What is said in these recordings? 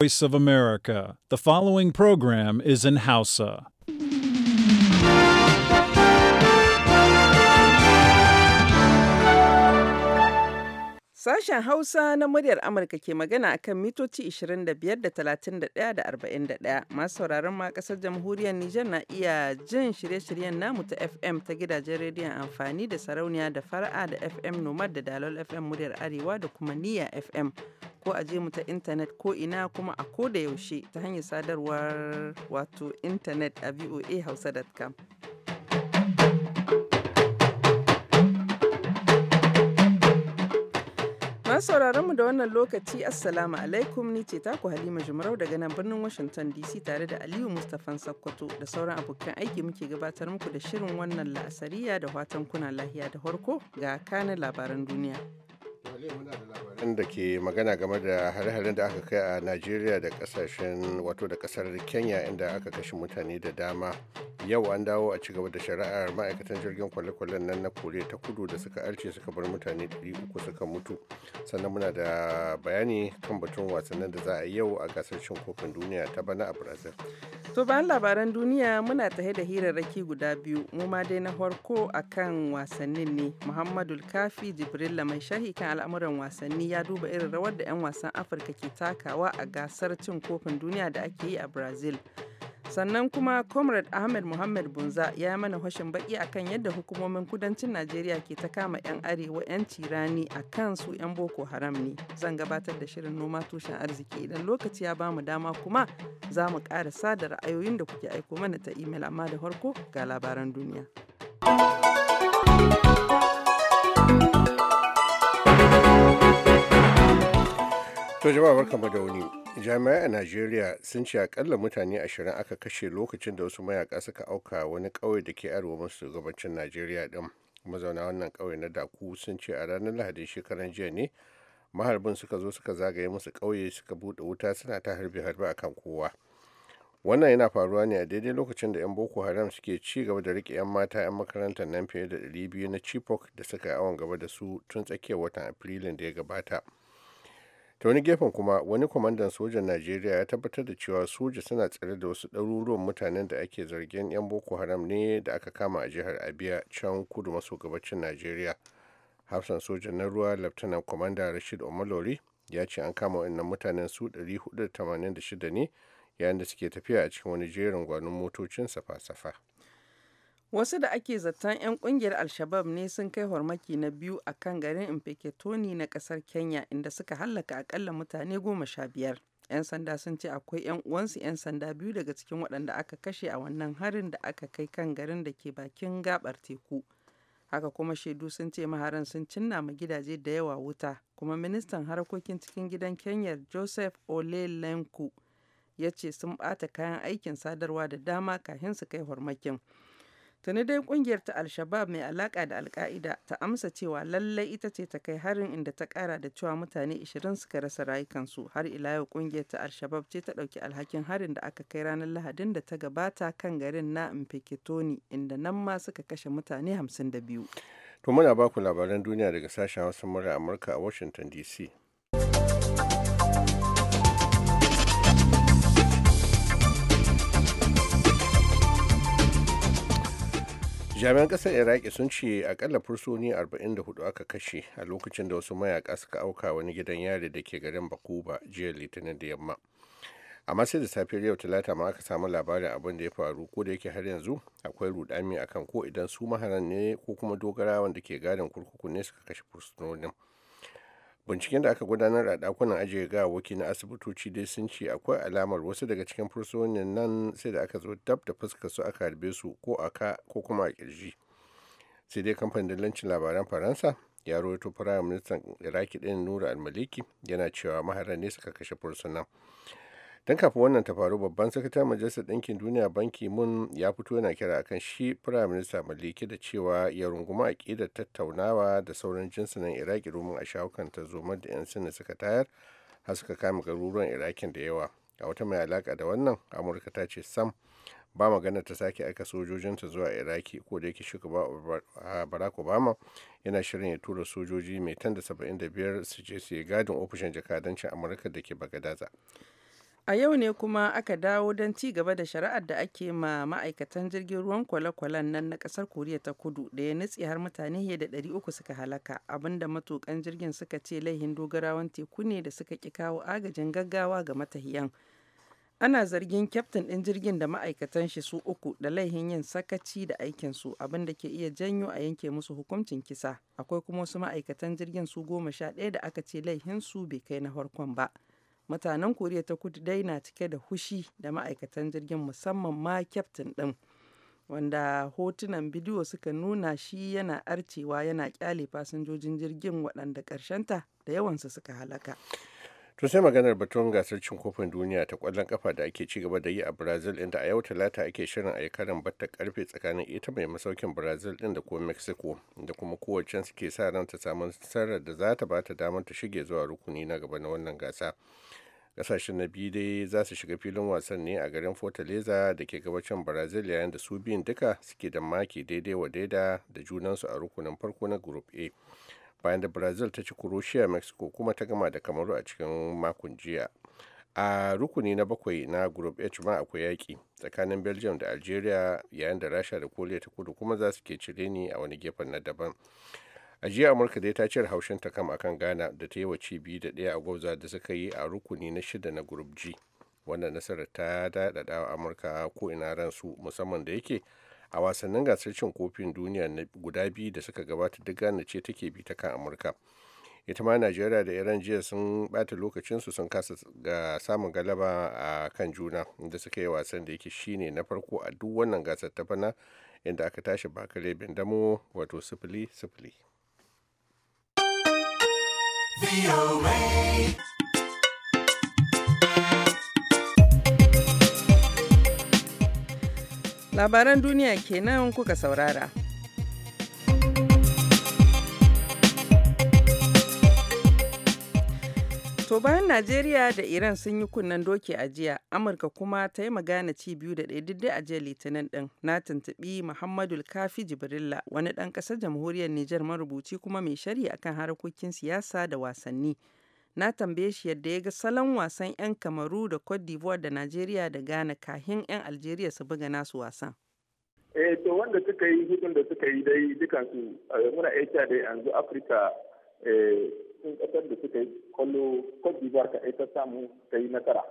Voice of America. The following program is in Hausa. Sashen Hausa na muryar Amurka ke magana akan mitoci 25 da 31 da 41. Masu sauraron ma kasar jamhuriyar Nijar na iya jin shirye-shiryen namu ta FM ta gidajen rediyon amfani da sarauniya da fara'a da FM Nomad da Dalol FM muryar Arewa da kuma niya FM. Ko a je mu ta intanet ko ina kuma a ko da yaushe ta hanyar sadarwar wato intanet a hausa.com. Masu sauraron mu da wannan lokaci Assalamu alaikum ni ce taku Halima Jumarau daga nan birnin Washington DC tare da Aliyu Mustafan Sakkwato da sauran abokan aiki muke gabatar muku da shirin wannan la'asariya da watan kuna lahiya da farko ga kanin labaran duniya. labaran da ke magana game da hare-haren da aka kai a Najeriya da kasashen wato da kasar Kenya inda aka kashe mutane da dama yau an dawo a ci gaba da shari'ar ma'aikatan jirgin kwale-kwalen nan na kore ta kudu da suka arce suka bar mutane 300 suka mutu sannan muna da bayani kan batun wasannin da za a yau a gasar cin kofin duniya ta bana a brazil to bayan labaran duniya muna tahe da raki guda biyu mu ma dai na farko akan wasannin ne muhammadu kafi jibril mai shahi kan al'amuran wasanni ya duba irin rawar da 'yan wasan afirka ke takawa a gasar cin kofin duniya da ake yi a brazil sannan kuma comrade ahmed muhammad bunza ya mana hoshin baki akan yadda hukumomin kudancin najeriya ke ta kama 'yan arewa 'yan tirani a kan su 'yan boko haram ne zan gabatar da shirin noma tushen arziki idan lokaci ya bamu dama kuma za mu ƙara sada ra'ayoyin da kuke aiko mana ta imel amma da farko ga labaran duniya To jama'a barkamu da wani. Jami'ai a Najeriya sun ce akalla mutane ashirin aka kashe lokacin da wasu mayaka suka auka wani kauye da ke arewa masu gabacin Najeriya din. Mazauna wannan kauye na Daku sun ce a ranar Lahadin shekaran jiya ne maharbin suka zo suka zagaye musu kauye suka buɗe wuta suna ta harbe-harbe akan kowa. wannan yana faruwa ne a daidai lokacin da 'yan boko haram suke ci gaba da rike 'yan mata 'yan makarantar nan fiye da 200 na chipok da suka yi awon gaba da su tun tsakiyar watan afrilun da ya gabata ta wani gefen kuma wani kwamandan sojan najeriya ya tabbatar da cewa soja suna tsare da wasu ɗaruruwan mutanen da ake zargin 'yan boko haram ne da aka kama a jihar abia can kudu maso gabacin najeriya hafsan sojan na ruwa laftanan kwamanda rashid omalori ya ce an kama wannan mutanen su 486 ne yayin da suke tafiya a cikin wani jerin gwanon motocin safa-safa Wasu da ake zaton 'yan kungiyar Al-Shabab ne sun kai hormaki na biyu a kan garin Mpeketoni na kasar Kenya inda suka hallaka akalla mutane goma sha biyar. 'Yan sanda sun ce akwai 'yan uwansu 'yan sanda biyu daga cikin waɗanda aka kashe a wannan harin da aka kai kan garin da ke bakin gabar teku. Haka kuma shaidu sun ce maharan sun cinna ma gidaje da yawa wuta, kuma ministan harkokin cikin gidan Kenya Joseph Ole Lenku ya ce sun ɓata kayan aikin sadarwa da dama kafin su kai hormakin. Tuni dai kungiyar ta Al-Shabab mai alaka da alka'ida ta amsa cewa lallai ita ce ta kai harin inda ta kara da cewa mutane 20 suka rasa rayukansu har ila yau kungiyar ta Al-Shabab ce ta dauki alhakin harin da aka kai ranar Lahadin da ta gabata kan garin na Mpeketoni inda nan ma suka kashe mutane 52. To muna baku labaran duniya daga sashen Hausa murar Amurka a Washington DC. jami'an kasar iraki sun ce akalla fursoni 44 aka kashe a lokacin da wasu mayaka suka auka wani gidan yari da ke garin bakuba jiya litinin da yamma amma sai da safiyar yau talata ma aka samu labarin abin da ya faru ko da yake har yanzu akwai rudami akan ko idan su maharan ne ko kuma dogarawan da ke gadin kurkuku ne suka kashe fursunonin binciken da aka gudanar a dakunan ajiye gawawwaki na asibitoci dai sun ce akwai alamar wasu daga cikin fursunin nan sai da aka zo dab da fuskar su aka harbe su ko aka ko kuma a kirji sai dai kamfanin dillancin labaran faransa ya rawaito firayim ministan iraki din nura al-maliki yana cewa maharar ne suka kashe fursunan don kafin wannan ta faru babban sakatar majalisar ɗinkin duniya banki mun ya fito yana kira akan shi firayim minista maliki da cewa ya runguma ƙida tattaunawa da sauran jinsunan iraki domin a shawukan ta zomar da 'yan sinna suka tayar har suka kama garuruwan irakin da yawa a wata mai alaka da wannan amurka ta ce sam ba magana ta sake aika sojojinta zuwa iraki ko da yake shugaba barack obama yana shirin ya tura sojoji mai tan da 75 su je su yi gadin ofishin jakadancin amurka da ke bagadaza A yau ne kuma aka dawo don ci gaba da shari'ar da ake ma ma'aikatan jirgin ruwan kwale-kwalen nan na kasar Koriya ta Kudu da ya nutse har mutane fiye da uku suka halaka, abinda matukan jirgin suka ce laihin dogarawan teku ne da suka ki kawo agajin gaggawa ga matahiyan. Ana zargin kyaftin ɗin jirgin da ma'aikatan shi su uku da laihin yin sakaci da aikin su abinda ke iya janyo a yanke musu hukuncin kisa. Akwai kuma wasu ma'aikatan jirgin su goma sha ɗaya da aka ce laihin su bai kai na farkon ba. Mutanen Koriya ta Kudu dai na cike da hushi da ma'aikatan jirgin musamman ma kyaftin ɗin. Wanda hotunan bidiyo suka nuna shi yana arcewa yana kyale fasinjojin jirgin waɗanda ƙarshenta da yawansu suka halaka. to sai maganar batun gasar cin kofin duniya ta kwallon kafa da ake ci gaba da yi a brazil inda a yau talata ake shirin a yi karin batta karfe tsakanin ita mai masaukin brazil din da kuma mexico da kuma kowace suke sa ran ta samu sarar da za ta ba ta damar ta shige zuwa rukuni na gaba na wannan gasa kasashen na biyu dai za su shiga filin wasan ne a garin fortaleza da ke gabacin brazil yayin da su biyun duka suke da maki daidai wa daida da junansu a rukunin farko na group a bayan da brazil ta ci croatia mexico kuma ta gama da kamaru a cikin makon jiya a rukuni na bakwai na group h ma akwai yaki tsakanin belgium da algeria yayin da rasha da koriya ta kudu kuma za su ke cire ni a wani gefen na daban a jiya amurka dai ta cire haushin ta kam akan ghana da ta yi wa biyu da ɗaya a gwabza da suka yi a rukuni na shida na group g wannan nasarar ta daɗaɗa amurka ko ina ransu musamman da yake a wasannin gasar cin kofin duniya na guda biyu da suka gabata duk ghana ce take bi ta kan amurka ita ma najeriya da iran jiya sun bata lokacinsu sun kasa ga samun galaba a kan juna inda suka yi wasan da yake shine na farko a duk wannan gasar ta bana inda aka tashi bakare bindamo wato sifili sifili Labaran duniya kenan kuka saurara. To bayan Najeriya da Iran sun yi kunnen doki a jiya, Amurka kuma ta yi magana ci biyu da ɗaya diddai a jiya Litinin ɗin. Na tuntuɓi Muhammadu Kafi Jibrilla, wani ɗan ƙasar jamhuriyar Nijar marubuci kuma mai shari akan harkokin siyasa da wasanni. Na tambaye shi yadda ya ga salon wasan 'yan Kamaru da Cote d'Ivoire da Najeriya da Ghana kahin 'yan Algeria su buga nasu wasan. Eh to wanda suka yi hudun da suka yi dai dukansu eh, muna iya da yanzu Afirka eh, cikin kasar da suka yi kwallo Cote d'Ivoire ka aita samu ta yi nasara.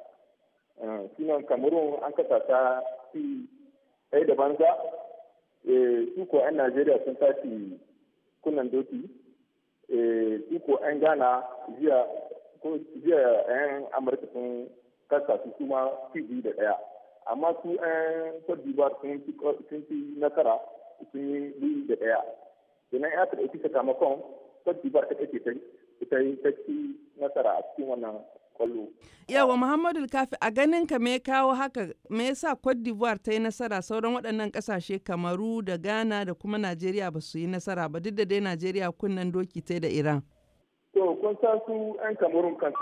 Eh, Sinan Cameroon an kasa ta fi ɗaya da banza eh, su ko 'yan Najeriya sun tashi kunan doki eh, su ko 'yan Ghana jiya 'yan Amurka sun kasa su kuma fi biyu da ɗaya. Amma su 'yan Cote d'Ivoire sun fi nasara sun yi biyu da ɗaya. Sannan ya taɓa ita sakamakon Cote d'Ivoire ta ta ita yi ta ci nasara a cikin wannan kwallo. Yawa Muhammadu Kafi a ganin ka me kawo haka me yasa Cote d'Ivoire ta yi nasara sauran waɗannan ƙasashe Kamaru da Ghana da kuma Najeriya ba su yi nasara ba duk da dai Najeriya kunnen doki ta da Iran. To kun san su 'yan Kamarun kan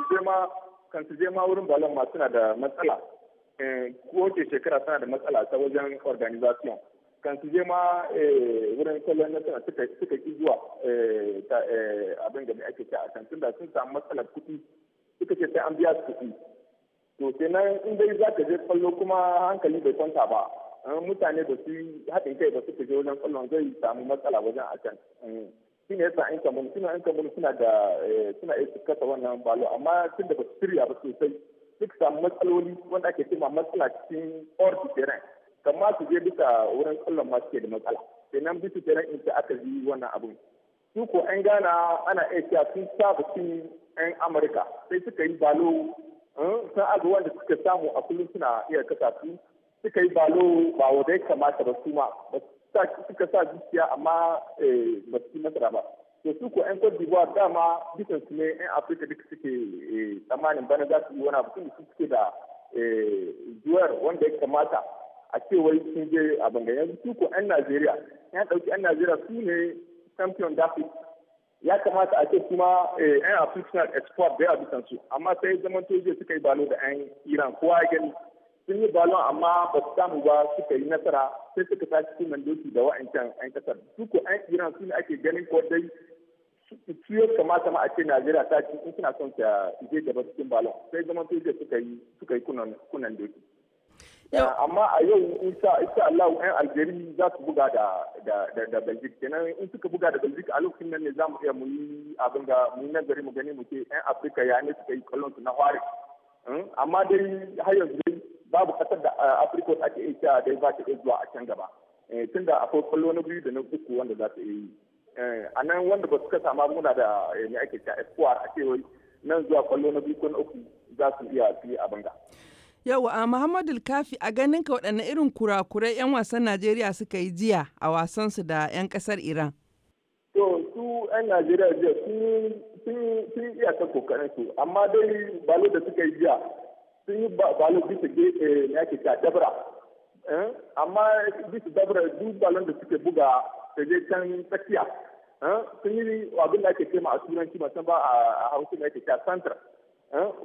su je ma wurin balon ma suna da matsala. Eh, Kowace shekara suna da matsala ta wajen organization. kan su je ma eh, wurin kwallon nasara suka ki zuwa eh, eh, abin da ake ce a kantin da sun samu matsalar kuɗi suka ce sai an biya su kuɗi to sai nan in dai za ka je kwallo kuma hankali bai kwanta ba mutane da su haɗin kai ba suka je wajen kwallon zai samu matsala wajen akan shi ne yasa an kamun suna an kamun suna da suna iya su kasa wannan balo amma tun da ba su shirya ba sosai duk samu matsaloli wanda ake cewa matsala cikin ordi kamar su je duka wurin kallon ma suke da matsala kenan bisu kenan in ta aka yi wannan abun su ko 'yan gana ana iya cewa sun saba cin 'yan amurka sai suka yi balo eh, sun aga wanda suka samu a kullum suna iya kasa su suka yi balo ba wa dai kamata ba su ma suka sa zuciya amma eh, ba su nasara ba to su ko 'yan Cote d'Ivoire dama bisan su ne 'yan Afirka duka suke eh, tsammanin bana za su yi wani abu su suke da juwar wanda ya kamata a ce wai sun je a banga yanzu su ko 'yan Najeriya ya ɗauki 'yan Najeriya su ne champion dafis ya kamata a ce kuma 'yan eh, African export da bisan su amma sai zaman toje suka yi balo da 'yan Iran kowa ya gani sun yi balon amma ba su samu ba suka yi nasara sai suka tashi cikin doki da wa'ancan 'yan kasar su ko 'yan Iran su ne ake ganin ko dai ciyo kamata ma a ce Najeriya ta ci in suna son ta je gaba cikin balon sai zaman toje suka yi kunan doki. amma a yau isa Allah yan Algeria za su buga da da Belgium kenan in suka buga da Belgium a lokacin nan ne za mu iya mu yi abin da mu nazari mu gani mu ce ɗan Afirka ya ne suka yi kallon su na hware hmm? amma dai har yanzu babu kasar da Afirka ta ke isa dai ba ta iya zuwa a can gaba eh, tunda akwai kallo na biyu da na uku wanda za su yi eh, a nan wanda ba su kasa ma muna da ne eh, ake cewa a cewa nan zuwa kallo na biyu ko na uku za su iya su yi abin da. yau a Muhammadu Kafi a ganin ka waɗanne irin kurakurai 'yan wasan Najeriya suka yi jiya a wasansu da 'yan ƙasar Iran. To su 'yan Najeriya jiya sun iya ta kokarin su amma dai balo da suka yi jiya sun yi balo bisa gefe na ke ta dabra. Eh, amma bisa dabra duk balon da suke buga da je can tsakiya. Eh, sun yi abin da ake kema a turanci ba ba a hausa da ake ta santar.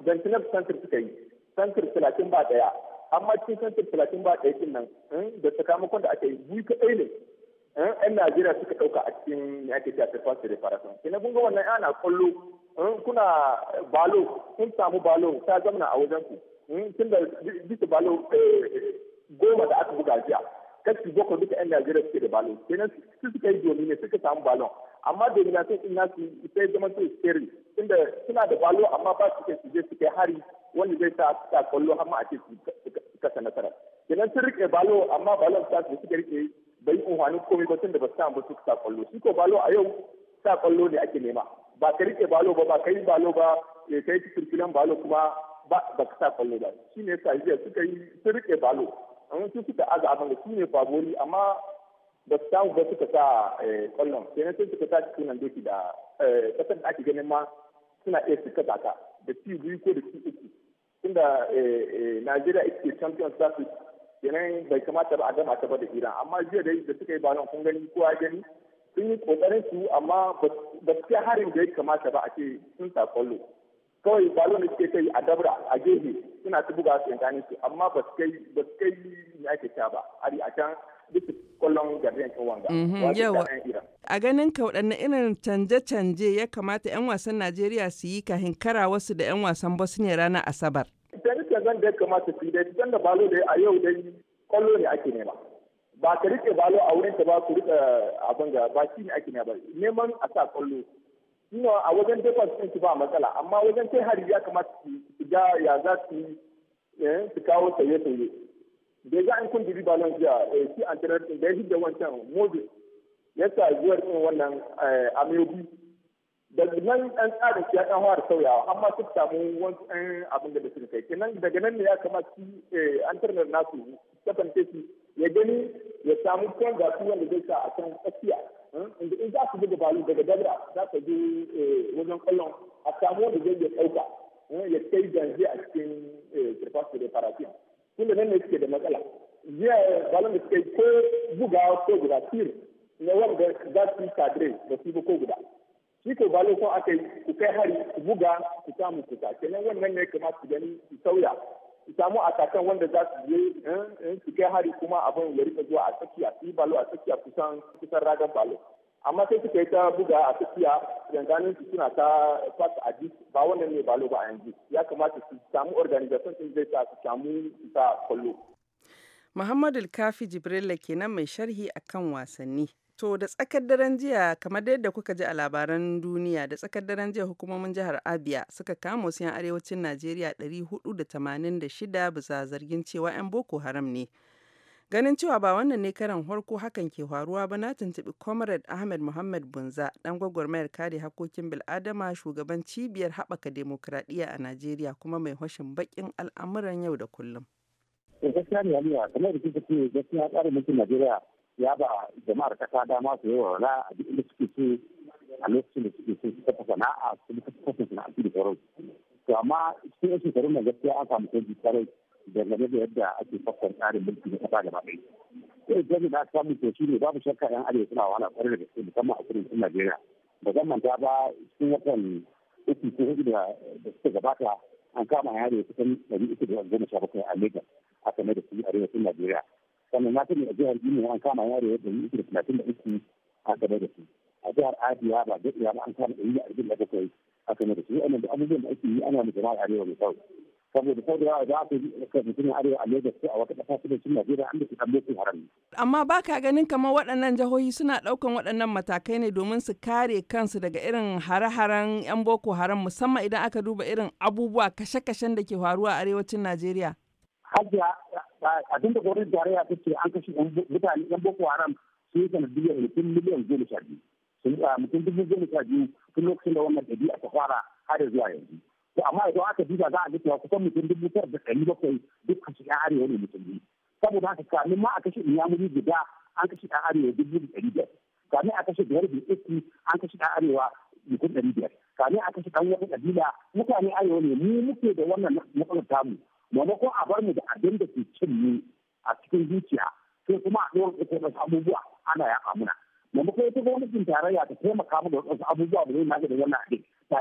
Gantinab eh, santar suka yi. santir talatin ba daya amma cikin santir talatin ba daya din nan eh, da sakamakon da aka yi bui kaɗai ne yan eh, najeriya suka ɗauka a cikin ya ake cewa surface reparation kina kun gungun wannan ana kwallo eh, kuna balo kun samu balo ta zamana a wajen ku tun da bisa balo goma da aka buga jiya kashi bakwai duka yan najeriya suke da balo kenan su suka yi domin ne suka samu balo amma sun ina su sai zama su tsere tunda suna da balo amma ba su kai su je su kai hari wanda zai sa a kwallo hama ma a cikin su kasa nasara kenan sun rike balo amma balon ta su suka rike bai yi unhwanin komai ba tun da ba su samu su sa kwallo shi ko balo a yau sa kwallo ne ake nema ba ka rike balo ba ba ka yi balo ba eh, ka yi kirkiran balo kuma ba ka sa kwallo ba shi ne sa jiya suka yi sun rike balo amma su suka aza abin da su ne faboli amma ba su samu ba suka sa eh, kwallon kenan sun suka sa cikin nan doki da kasar eh, da ake ganin ma suna iya suka taka da ci biyu ko da ci uku tunda eh, eh, Najeriya ita champions champion su yanayin bai kamata ba a gama ta ba da Iran amma jiya da da suka yi ba kun gani kowa gani sun yi kokarin su amma ba su harin da ya kamata ba a ce sun sa kwallo kawai balon da suke kai a dabra a gehe suna ta buga su yankanin su amma ba su kai ba su ne ake ta ba a can duk kwallon garden ta wanga. Mhm, yawa. A ganin ka waɗanne irin canje-canje ya kamata 'yan wasan Najeriya su yi kahin kara wasu da 'yan wasan Bosnia ranar Asabar. canje zan da ya kamata su yi dai, da balo dai a yau dai kwallo ne ake nema. Ba ka rike balo a wurin ta ba ku rika eh, abin ga ba shi ne ake nema ba. Neman a sa kwallo. Ina a wajen defense ɗin su ba matsala, amma wajen kai hari ya kamata su ga ya za su yi eh, su kawo sauye-sauye. da za a kun dubi balon jiya eh, shi an tarar da ya da wancan mobil ya sa zuwar ɗin wannan eh, amiyobi da nan ɗan tsarin ya ɗan fara sauyawa amma sun samu wani ɗan abin da sun kai kenan daga nan ne ya kamata eh, an tarar nasu kafan su ya gani ya samu kyan gasu wanda zai sa a kan tsakiya hmm, inda in za su buga balu daga dabra za su je wajen kwallon a samu wanda zai ya ɗauka hmm, ya kai ganje a cikin surface da farafiyan tunda nan ne suke da matsala jiya balon da suke ko buga ko guda tir na wanda za su yi kadire da su ko guda shi ko balon ko aka yi ku kai hari ku buga ku samu ku sace nan wannan ne kamar su gani su sauya su samu atakan wanda za su je eh, eh, su kai hari kuma abin ya rika zuwa a tsakiya su yi balo a tsakiya kusan kusan ragar balo amma sai suka yi ta buga a tafiya yanzu su suna ta fasa a ba wannan ne balo ba a yanzu ya kamata su samu organization sun zai ta su samu ta kwallo. Muhammadu Kafi jibrila kenan mai sharhi akan wasanni. To da tsakar daren jiya kamar yadda kuka ji a labaran duniya da tsakar daren jiya hukumomin jihar Abia suka kama wasu 'yan arewacin Najeriya 486 bisa zargin cewa 'yan Boko Haram ne. Ganin cewa ba wannan ne karan harko hakan ke faruwa ba na tuntubi Comrade Ahmed Muhammad Bunza, ɗan gwagwarmayar kare hakokin bil'adama shugaban cibiyar haɓaka demokradiyya a Najeriya kuma mai hoshin bakin al'amuran yau da kullum. kamar da ce Najeriya ya ba jama'ar kasa dama su yawa wala a duk inda suke so a lokacin da suke so su kafa sana'a su kafa su da sauransu. To amma cikin yan shekarun nan gaskiya an samu sauki sarai dangane da yadda ake fakkon tsarin mulki na kasa gaba ɗaya. Irin jami da aka samu to shi ne babu shakka 'yan arewa suna wahala kwarai da gaske musamman a kudancin Najeriya. Ba zan manta ba cikin watan uku ko hudu da suka gabata an kama yare ya kusan ɗari uku da goma sha bakwai a Lagos aka mai da su arewacin Najeriya. Sannan na sani a jihar Benue an kama yare ya ɗari uku da talatin da uku aka mai da su. A jihar Abia ba daɗewa ba an kama ɗari da arba'in da bakwai aka mai da su. Wannan da abubuwan da ake yi ana da jama'a arewa mai kawai. saboda ko da za su ka mutum arewa a Lagos ko a wata ƙasa suna na Najeriya an da su kan boko haram. Amma ba ka ganin kamar waɗannan jihohi suna ɗaukan waɗannan matakai ne domin su kare kansu daga irin hare-haren 'yan boko haram musamman idan aka duba irin abubuwa kashe-kashen da ke faruwa a arewacin Najeriya. Hajiya abin da gwamnatin tarayya ta ce an kashe mutane 'yan boko haram sun yi sanadiyar mutum miliyan goma sha biyu. Ah, mutum dubu goma sha biyu tun lokacin da wannan ɗabi'a ta fara har zuwa yanzu. to amma idan aka duba za a ga cewa kusan mutum dubu tara da ɗari bakwai duk su ɗan arewa ne ne saboda haka kamin ma a kashe inyamuri guda an kashe ɗan arewa dubu da ɗari biyar kamin a kashe biyar biyu uku an kashe ɗan arewa mutum ɗari biyar kamin a kashe ɗan wata ƙabila mutane arewa ne mu muke da wannan matsalar tamu maimakon a bar mu da abin da ke cin mu a cikin zuciya sai kuma a ɗora da wasu abubuwa ana yaƙa muna maimakon ita gwamnatin tarayya ta taimaka mu da wasu abubuwa ba zai da wannan abin ta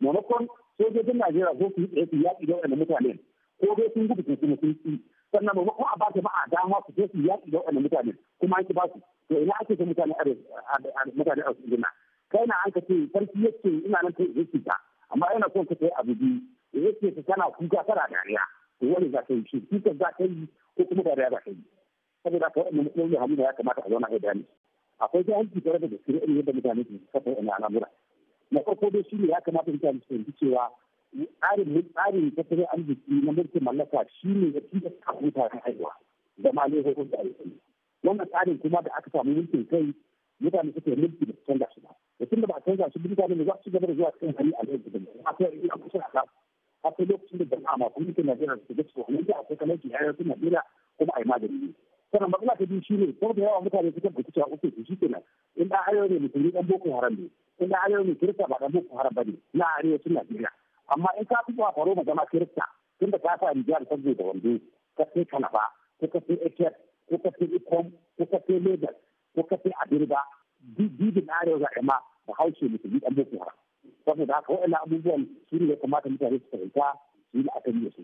maimakon sojojin Najeriya ko su yi yaƙi da wani mutane ko dai sun gudu sun kuma sun ci sannan kuma a ba jama'a dama su je su yaƙi da wani mutane kuma an ki ba su to ina ake ta mutane mutane a cikin kai na an ka ce sarki ce ina nan kai yake ta amma yana son ka kai abu biyu yake ta kana kuka tana dariya to wani za ka yi shi kuka za ka yi ko kuma dariya za ka yi saboda ka mutum ya hamina ya kamata a zauna a yi dani akwai jahilci tare da gaskiya irin yadda mutane ke kafa wani al'amura na farko dai shi ne ya kamata mutane su fahimci cewa tsarin tsarin tattalin arziki na mulkin mallaka shi ne ya fi da mutane haihuwa da ma ne hukunta wannan tsarin kuma da aka samu mulkin kai mutane suka yi mulki da canza shi ba da tun da ba canza shi mutane ne za su gaba da zuwa cikin hali a yanzu da a kai a kusa a ka a lokacin da jama'a ma kuma mulkin najeriya su ga cewa a da akwai kalanci a suna najeriya kuma a yi magani sannan matsala ta biyu shine ko da yawa mutane suka da cewa uku su shikenan in da ne mutum dan boko haram ne in da ne kirista ba dan boko haram bane na arewacin Najeriya amma in ka fi a faro zama kirista tunda ka sa riga da sabbi da wando ka sai kanafa ko ka sai ekiyar ko ka sai ikom ko ka sai lagos ko ka sai abirba bibin arewa za a ma da haushe musulmi dan boko haram saboda haka wa'annan abubuwan shi ne ya kamata mutane su fahimta su yi la'akari da su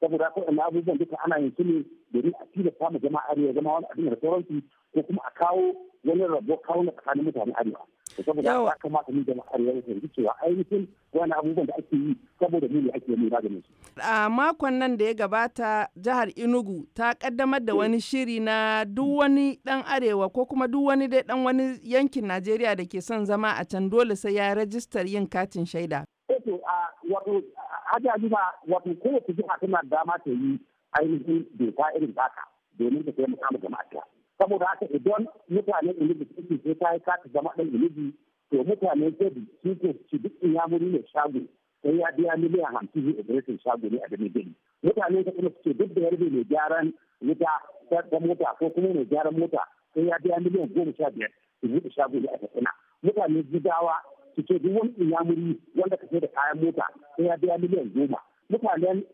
saboda ko da abubuwan duka ana yin su ne domin a tilasta ma jama'a arewa zama wani abin da sauransu ko kuma a kawo wani rabo kawo na tsakanin mutane arewa saboda ya kamata mu jama'a arewa ya fahimci cewa ainihin wani abubuwan da ake yi saboda mu ne ake yi maganin su. a makon nan da ya gabata jihar enugu ta kaddamar da mm. wani shiri na duk wani dan arewa ko kuma duk wani dai dan wani yankin najeriya da ke son zama a can dole sai ya rajistar yin katin shaida. Eh hajiya zuba wato kowace jiha tana dama ta yi ainihin doka irin baka domin ta taimaka ma jama'a saboda haka idan mutanen ilimi suke sai ta yi kata zama ɗan ilimi to mutane gadi su ko ci duk in ne shago sai ya biya miliyan hamsin ne adireshin shago ne a dame gari mutane ta kuma suke duk da yarda mai gyaran wuta ta mota ko kuma mai gyaran mota sai ya biya miliyan goma sha biyar su buɗe shago ne a tafina mutane gidawa su ce duk wani inyamuri wanda ka da kayan mota sai ya biya miliyan goma mutanen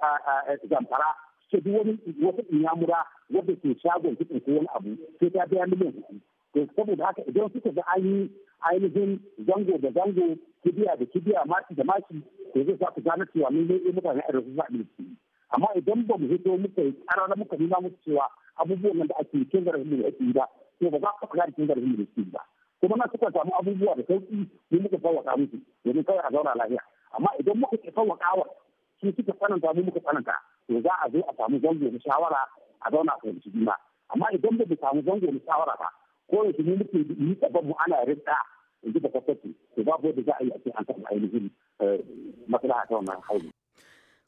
zamfara su duk wani wata inyamura wanda ke shagon kitsin ko wani abu sai ya biya miliyan kuɗi to saboda haka idan suka ga an yi ainihin zango da zango kibiya da kibiya maki da maki to zai sa ku gane cewa mun ne eh, mutane a rasu zaɓe su amma idan ba mu hito muka yi ƙarar muka nuna musu cewa abubuwan da ake kin mu da ake yi ba to ba za ku gane kin mu da ba. kuma na suka samu abubuwa da sauki ne muka sauwaka musu domin kawai a zauna lafiya amma idan muka ke sauwaka wa su suka tsananta mu muka tsananta to za a zo a samu zango na shawara a zauna a fahimci juna amma idan ba samu zango na shawara ba ko yanzu mu muke yi tsaban mu ana rinda in ji da kwatsaci to babu wanda za a yi a ce an samu ainihin eh, maslaha ta wannan hauyi.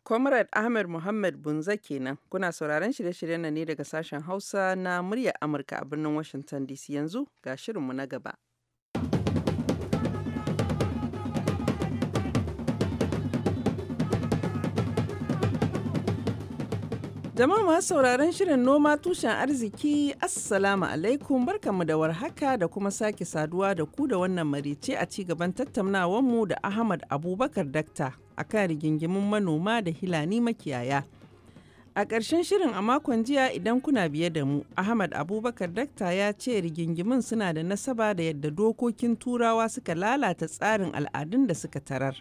Comrade Ahmed Muhammad Bunza kenan kuna sauraron shirye-shiryen nan ne daga sashen Hausa na muryar Amurka a birnin Washington DC yanzu ga shirinmu na gaba. Jama'a masu sauraron shirin noma tushen arziki Assalamu alaikum barkanmu da warhaka da kuma sake saduwa da ku da wannan marice a ci gaban tattaunawarmu da Ahmad Abubakar Dakta a kan rigingimun manoma da hilani makiyaya. A ƙarshen shirin a makon jiya idan kuna biye da mu, Ahmad Abubakar Dakta ya ce rigingimin suna da nasaba da yadda dokokin Turawa suka lalata tsarin al'adun da suka tarar.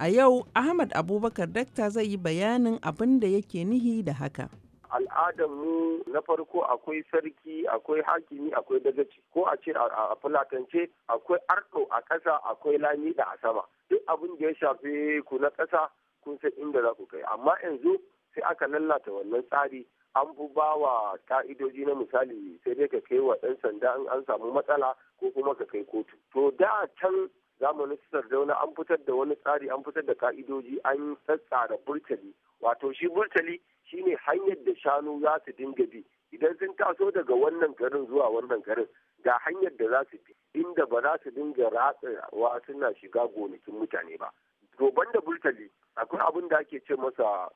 A yau, Ahmad Abubakar Dakta zai yi bayanin abin da yake nihi da haka. al'adar mu na farko akwai sarki akwai hakimi akwai dagaci ko a ce a fulatance akwai arɗo a ƙasa akwai lami da a sama duk abin da ya shafi ku na ƙasa kun san inda za ku kai amma yanzu sai aka lallata wannan tsari an fi ba ka'idoji na misali sai dai ka kai wa ɗan sanda in an samu matsala ko kuma ka kai kotu to da can zamanin zauna an fitar da wani tsari an fitar da ka'idoji an tsatsara burtali wato shi burtali shine hanyar da shanu za su dinga bi idan sun taso daga wannan garin zuwa wannan garin ga hanyar da za su bi inda ba za su dinga ratsawa suna shiga gonakin mutane ba roban da burtali akwai abin da ake ce masa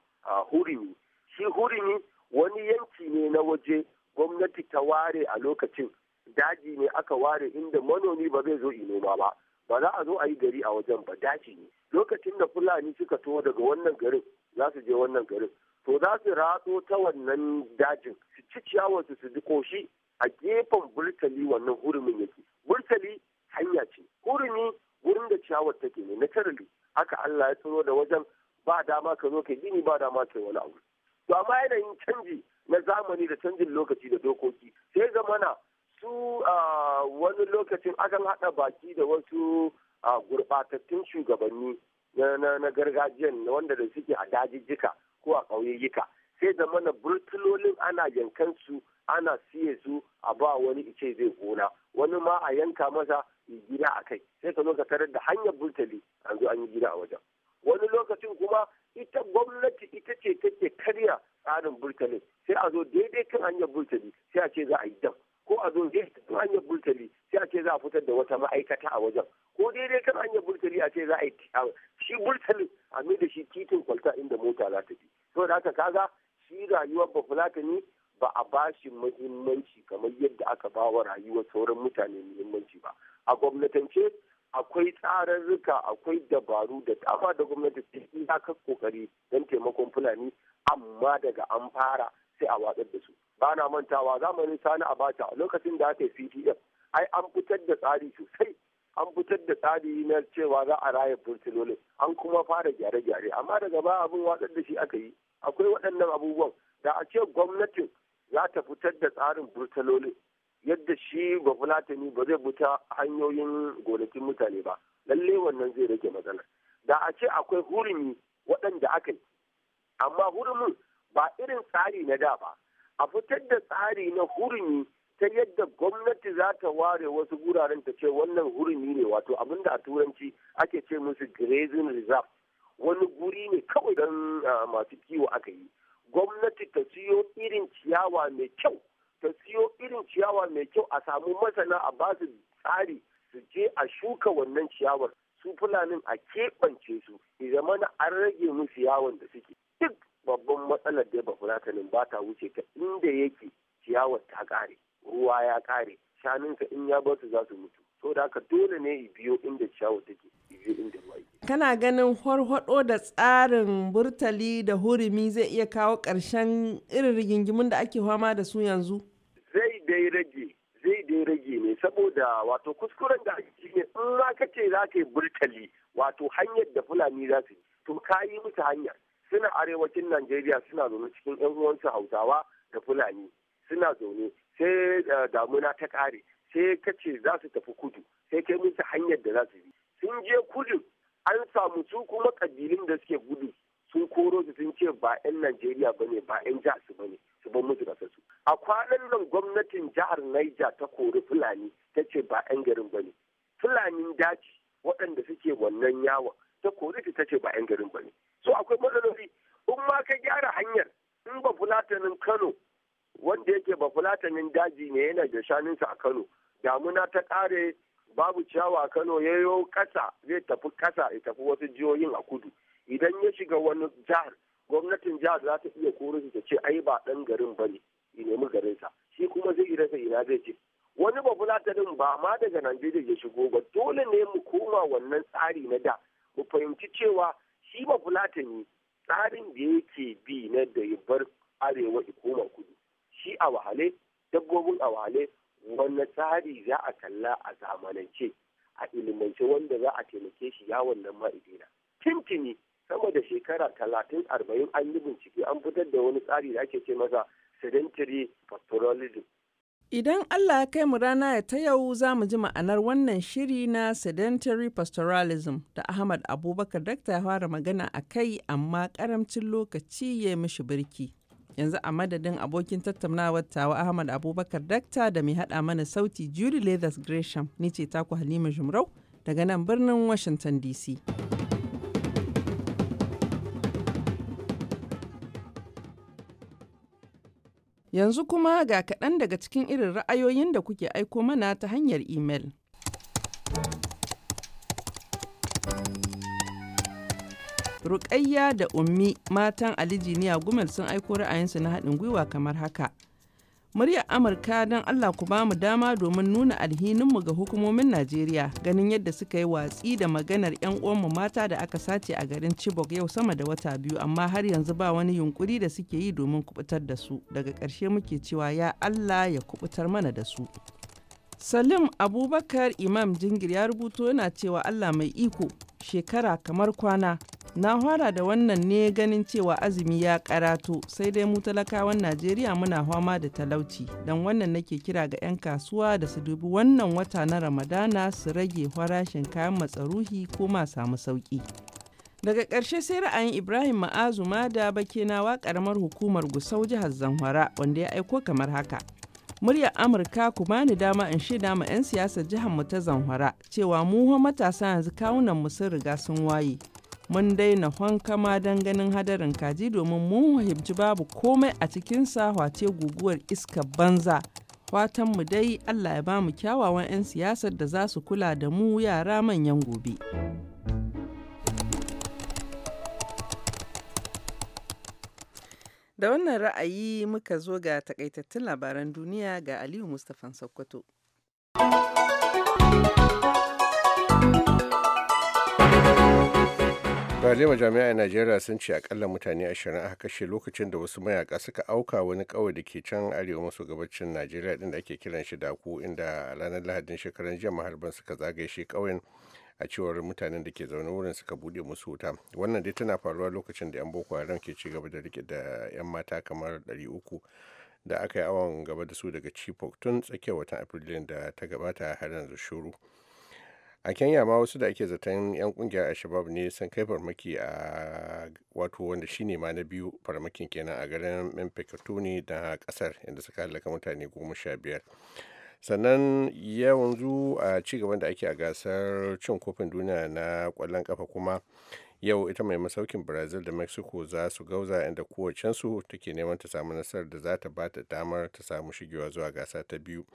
hurimi shi hurimi wani yanki ne na waje gwamnati ta ware a lokacin daji ne aka ware inda manomi ba zai zo noma ba ba za a zo a yi gari a wajen ba daji ne lokacin da fulani suka to daga wannan garin za su je wannan garin to za su ratso ta wannan dajin su ci ciyawarsu su ji koshi a gefen burtali wannan hurumin yake burtali hanya ce hurumi wurin da ciyawar take ne na tarali haka Allah ya tsoro da wajen ba dama ka zo ka gini ba dama ka wani abu to amma yanayin canji na zamani da canjin lokaci da dokoki sai zamana su wani lokacin akan haɗa baki da wasu gurɓatattun shugabanni na gargajiyan wanda da suke a dajijjika ko a ƙauyayyuka sai zamana burtulolin ana yankan su ana siye su a ba wani ice zai gona wani ma a yanka masa gida a kai sai ka zo ka tarar da hanyar burtali an zo an yi gida a wajen wani lokacin kuma ita gwamnati ita ce take karya tsarin burtali sai a zo daidai kan hanyar burtali sai a ce za a yi dam ko a zo daidai kan hanyar burtali sai a ce za a fitar da wata ma'aikata a wajen ko daidai kan hanyar burtali a ce za a yi shi burtali a mai da shi titin kwalta inda mota za ta bi saboda haka kaga shi rayuwar bafulatani ba a ba shi muhimmanci kamar yadda aka ba wa rayuwar sauran mutane muhimmanci ba a gwamnatance akwai tsararruka akwai dabaru da dama da gwamnati ke iyakar kokari don taimakon fulani amma daga an fara sai a watsar da su ba na mantawa zamanin sani a bata lokacin da aka yi C.D.F? ai an fitar da tsari sosai an fitar da tsari na cewa za a raya fursunonin an kuma fara gyare-gyare amma daga ba abin watsar da shi aka yi akwai waɗannan abubuwan da a ce gwamnatin za ta fitar da tsarin burtaloli yadda shi bafulatani ba zai buta hanyoyin gonakin mutane ba lalle wannan zai rage matsalar da a ce akwai hurumi waɗanda aka yi amma hurumin ba irin tsari na da ba a fitar da tsari na hurumi ta yadda gwamnati za ta ware wasu guraren ta ce wannan hurumi ne wato Abin da a turanci ake ce musu grazing reserve wani guri ne kawai don ah, masu kiwo aka yi gwamnati ta siyo irin ciyawa mai kyau ta siyo irin ciyawa mai kyau a samu masana a ba su tsari su je a shuka wannan ciyawar su fulanin a keɓance su zama na an rage musu yawon da suke duk babban matsalar da bafulatanin ba ta wuce ta inda yake ciyawar ta ƙare ruwa ya ƙare shanunka in ya bar su za su mutu to da haka dole ne biyo inda ciyawa take biyo inda ruwa ke. kana ganin horhodo da tsarin burtali da hurumi zai iya kawo ƙarshen irin rigingimin da ake fama da su yanzu zai dai rage zai dai rage ne saboda wato kuskuren da ake ne in ma ka ce za ka yi burtali wato hanyar da fulani za su yi to ka yi musu hanyar suna arewacin najeriya suna zaune cikin yan uwansu hausawa da fulani suna zaune sai eh, damuna ta kare sai ka ce za su tafi kudu sai kai musu hanyar da za su bi sun je kudu an samu su kuma kabilun da suke gudu sun koro su sun ce ba 'yan Najeriya ba ne ba 'yan jihar su ba ne su ban musu da su. A kwanan nan gwamnatin jihar Naija ta kori Fulani ta ce ba 'yan garin ba ne. Fulanin daji waɗanda suke wannan yawon ta kori ta ce ba 'yan garin ba ne. So akwai matsaloli in ma ka gyara hanyar in ba Fulatanin Kano wanda yake ba Fulatanin daji ne yana da shanunsa a Kano damuna ta ƙare babu ciyawa Kano ya kasa ƙasa zai tafi ƙasa ya tafi wasu jihohin a kudu idan ya shiga wani jihar gwamnatin jihar za ta iya koro shi ta ce ai ba ɗan garin ba ne ya nemi garinsa shi kuma zai rasa ina zai ce wani babulatanin ba ma daga Najeriya ya shigo ba dole ne mu koma wannan tsari na da mu fahimci cewa shi babulatani tsarin da yake bi na da ya bar arewa ya koma kudu shi a wahale dabbobin a wahale wani tsari za a kalla a zamanance a ilimance wanda za a taimake shi yawon wannan ma'idina tintini sama da shekara talatin arba'in an yi bincike an fitar da wani tsari da ake ce masa sedentary pastoralism Idan Allah ya kai mu rana ya ta yau za mu ji ma'anar wannan shiri na sedentary pastoralism da Ahmad Abubakar dakta ya fara magana a kai amma karamcin lokaci ya mishi birki. yanzu a madadin abokin tattaunawar tawa Ahmad Abubakar Dakta da mai haɗa mana sauti Julie Leathers Gresham ni ce taku Halima Jumrau daga nan birnin Washington DC. Yanzu kuma ga kaɗan daga cikin irin ra'ayoyin da kuke aiko mana ta hanyar imel. Rukayya da Ummi matan Alijiniya Gumel sun aiko ra'ayinsu na haɗin gwiwa kamar haka. Muryar Amurka don Allah ku bamu dama domin nuna alhininmu ga hukumomin Najeriya ganin yadda suka yi watsi da maganar 'yan uwanmu mata da aka sace a garin Chibok yau sama da wata biyu amma har yanzu ba wani yunkuri da suke yi domin kubutar da su daga ƙarshe muke cewa ya Allah ya kubutar mana da su. Salim Abubakar Imam Jingir ya rubuto yana cewa Allah mai iko shekara kamar kwana. Na fara da wannan ne ganin cewa azumi ya karato sai dai mu talakawan Najeriya muna fama da talauci don wannan nake kira ga 'yan kasuwa da su dubi wannan wata na Ramadana su rage farashin kayan matsaruhi ko ma samu sauki. Daga ƙarshe sai ra'ayin Ibrahim Ma'azu da Bakenawa karamar hukumar Gusau jihar Zamfara wanda ya aiko kamar haka. muryar amurka ku bani dama in shaida ma 'yan siyasar jihar mu ta zanhara cewa mu matasa yanzu kawunan mu sun riga sun waye mun daina hankama don ganin hadarin kaji domin mun fahimci babu komai a cikin sa wace guguwar iska banza fatan mu dai allah ya bamu kyawawan 'yan siyasar da za su kula da mu yara manyan gobe. Da wannan ra'ayi muka zo ga takaitattun labaran duniya ga Aliyu Mustafan Sokoto. Ralewa jami'a Najeriya sun ce akalla mutane ashirin a kashe lokacin da wasu mayaka suka auka wani kawai da ke can arewa maso gabacin Najeriya din da ake kiran shi Daku inda ranar Lahadin shekaran jiya maharban suka zagaye shi kauyen a cewar mutanen da ke zaune wurin suka bude musu wuta wannan dai tana faruwa lokacin da 'yan boko haram ke ci gaba da rike da 'yan mata kamar 300 da aka yi awon gaba da su daga chibok tun tsakiyar watan afrilun da ta gabata har yanzu shuru a kenya ma wasu da ake zaton 'yan kungiyar shabab ne sun kai farmaki a wato wanda shine ma na biyu farmakin kenan a garin memphis da kasar inda suka halaka mutane goma sha biyar sannan yanzu a cigaban da ake a gasar cin kofin duniya na kwallon kafa kuma yau ita mai masaukin brazil da mexico za su gauza inda kowacensu take neman ta samu nasarar da za ta ba damar ta samu shigewa zuwa gasa ta biyu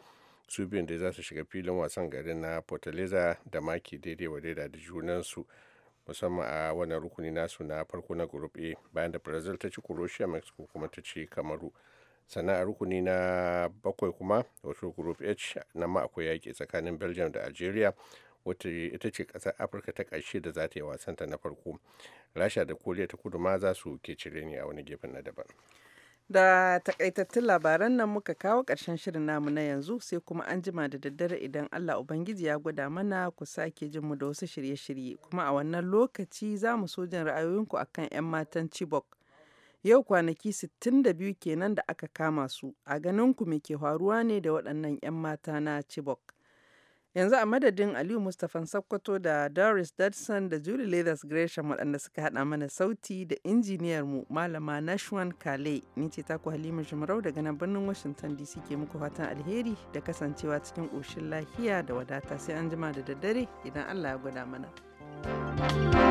su biyun da za su shiga filin wasan garin na portaleza da maki daidai wa daida da junansu musamman a wannan rukuni nasu na farko na group a bayan da brazil ta ci croatia mexico kuma ta ci kamaru sannan a rukuni na bakwai kuma wato group h na ma akwai yaƙi tsakanin belgium da algeria wata ita ce ƙasar afirka ta ƙarshe da za ta yi wasan ta na farko rasha da koriya ta kudu ma za su ke cire ne a wani gefen na daban da takaitattun labaran nan muka kawo ƙarshen shirin namu na yanzu sai kuma an jima da daddare idan Allah Ubangiji ya gwada mana ku sake jin mu da wasu shirye-shirye kuma a wannan lokaci za mu so jin ra'ayoyinku akan 'yan matan Chibok Yau kwanaki 62 kenan da aka kama su, a ganin ku me ke faruwa ne da waɗannan 'yan mata na Chibok? Yanzu a madadin Aliyu Mustapha Sakkwato da Doris dudson da Julie Leathers Gresham waɗanda suka haɗa mana sauti da injiniyar mu Malama Nashwan Kale ni ce taku Halima jimarau daga nan birnin Washington DC ke muku fatan alheri da kasancewa cikin ƙoshin lafiya da wadata sai an jima da daddare idan Allah ya gwada mana. thank you